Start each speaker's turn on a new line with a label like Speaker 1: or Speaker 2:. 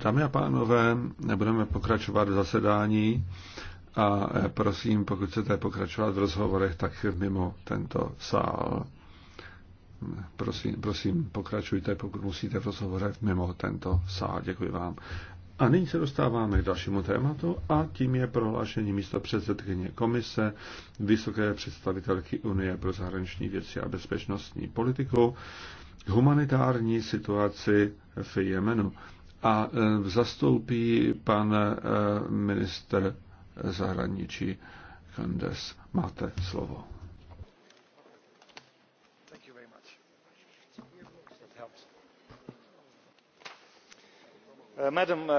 Speaker 1: Dámy a pánové, budeme pokračovat v zasedání a eh, prosím, pokud chcete pokračovat v rozhovorech, tak mimo tento sál. Prosím, prosím, pokračujte, pokud musíte v rozhovorech mimo tento sál. Děkuji vám. A nyní se dostáváme k dalšímu tématu a tím je prohlášení místo předsedkyně komise Vysoké představitelky Unie pro zahraniční věci a bezpečnostní politiku humanitární situaci v Jemenu. A e, zastoupí pan e, minister zahraničí Kandes. Máte slovo. Uh, madam uh,